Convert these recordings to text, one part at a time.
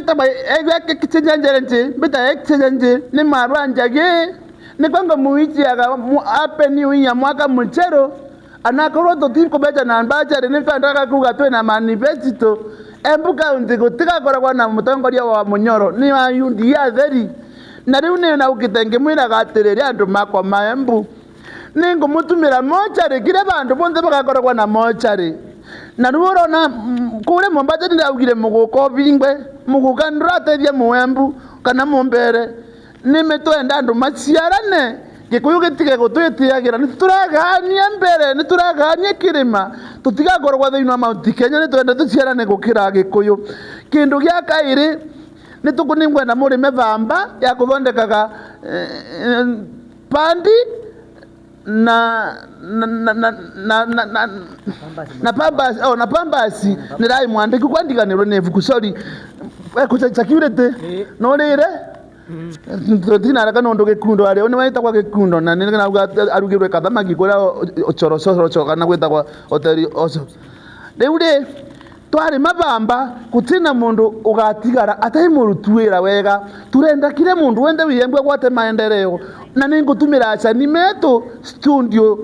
bita ba egwa ke kitchen jarenti bita eh, ek chajanji ni marwa njage ni kwanga muichi aga mu ape ni uinya mwaka mchero anakoro to tiko beja na mbacha ni fandaka kuga to na manifesti to embuka ndiko tika kora kwa na mutongoria wa munyoro ni wa yundi ya theri na riu ni na ukitenge mwira gatiriri andu makwa maembu ningo mutumira mochari kire bandu bonde baka kora kwa na mochari na riu urona mm, kuria mombacha ndiraugire muguka ubingwe mukhukanrata muembu kana mumbere nimitwenda andu maciarane gikuyu gitige gutwitiagira nituraghania mbere nituraghania kirima tutigakoragwa thiini wa mauti kenya nitwenda tuciarane gukira gikuyu kindu gia kairi nitukuningwenda murime vamba ya kuthondekaga eh, eh, pandi na na na na na na na na pambasi oh, na nirai mwandiki kwandikanirwe ni ivuku sorry security eh. no rire mm. tinareka nondu gikundo aria ni wetagwa gikundo na ni nauga arugirwe kathamaki kuria ucorocoroco kana kwa oteri oso riu ri twari mabamba gutina mundu ugatigara atai murutu wega turenda kire mundu wende wiyembwe gwate maendereo na ningutumira ni meto studio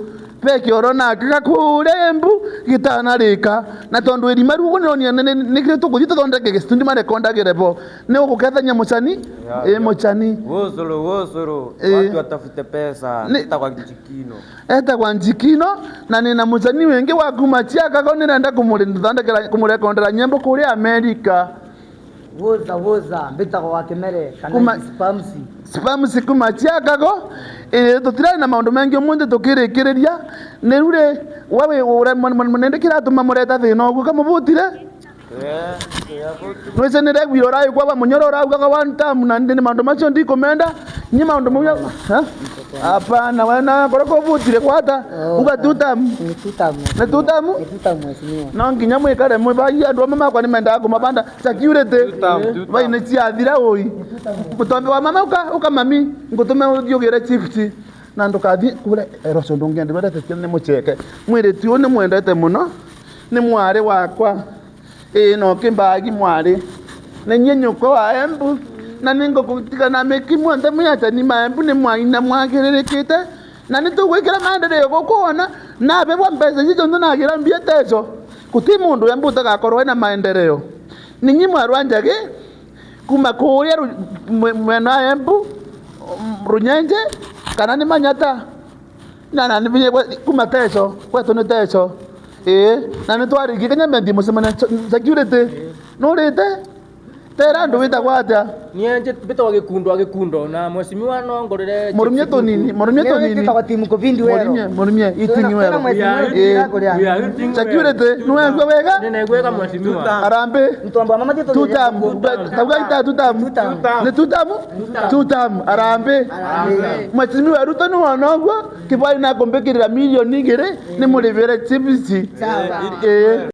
kaka kure mbu kita na rika na tondu wako riu uguo nironia e tuguthii tuthondeke gicitundi marekondagire bo ni uguketha nyamucani i mucani etagwa njikino na nina mucani wingi wa kumachiakago konda la nyambo kure amerika woza woza mbitagwo kwa kimere kana spamsi spamsi kumachia kumachiakago tå tirarä na maå maundu mengi munthi tukirikiria ni rure wewe na å guo kamå bå tire Mwese ne reg biro rai kwa munyoro rau kaka one time na ndi mando macho ndi komenda nyi mando munya ha apa na wana koroko vutire kwata uka tutam tutam tutamu tutam tutam mwesinyo na nginya mwe kare mwe ba ya ndo mama kwa ni menda ko mabanda security ba ine ti adira oi kutombe wa mama uka uka mami ngutume udiogere chifti na ndo kathi kule eroso eh, ndongende bada ni ne mucheke mwire tio ne mwendete muno ni mware wakwa ino kimbagi mwali nenyenyo kwa waembu na ningo kutika na mekimwa ndamuyata ni maembu ni mwaina mwakererekete na nitugwikira maendeleo gukwona nabebwa mbeca cicio ntunagira mbia teco guti mundu wembu utagakorwo na maendeleo ninyi mwarwa njagi kuma kuria mwena embu runyenje kana ni manyata na na ni kuma teco kwetu ni teco eh na nitwariki kenya mendi musemania njakirite nurite tera andu witagwa atia nienje bitwa gikundo gikundo na mwesimiwa no ngorire murumye to nini murumye to nini bitwa timu covid wero murumye murumye itingi wero security nuwe ngwe wega nene ngweka mwesimiwa arambe mtomba mama tito tutam tabuga ita tutam ne tutam tutam arambe mwesimiwa ruto no wanogwa kibali na kombekirira milioni ngire ni murivere chipsi eh, eh.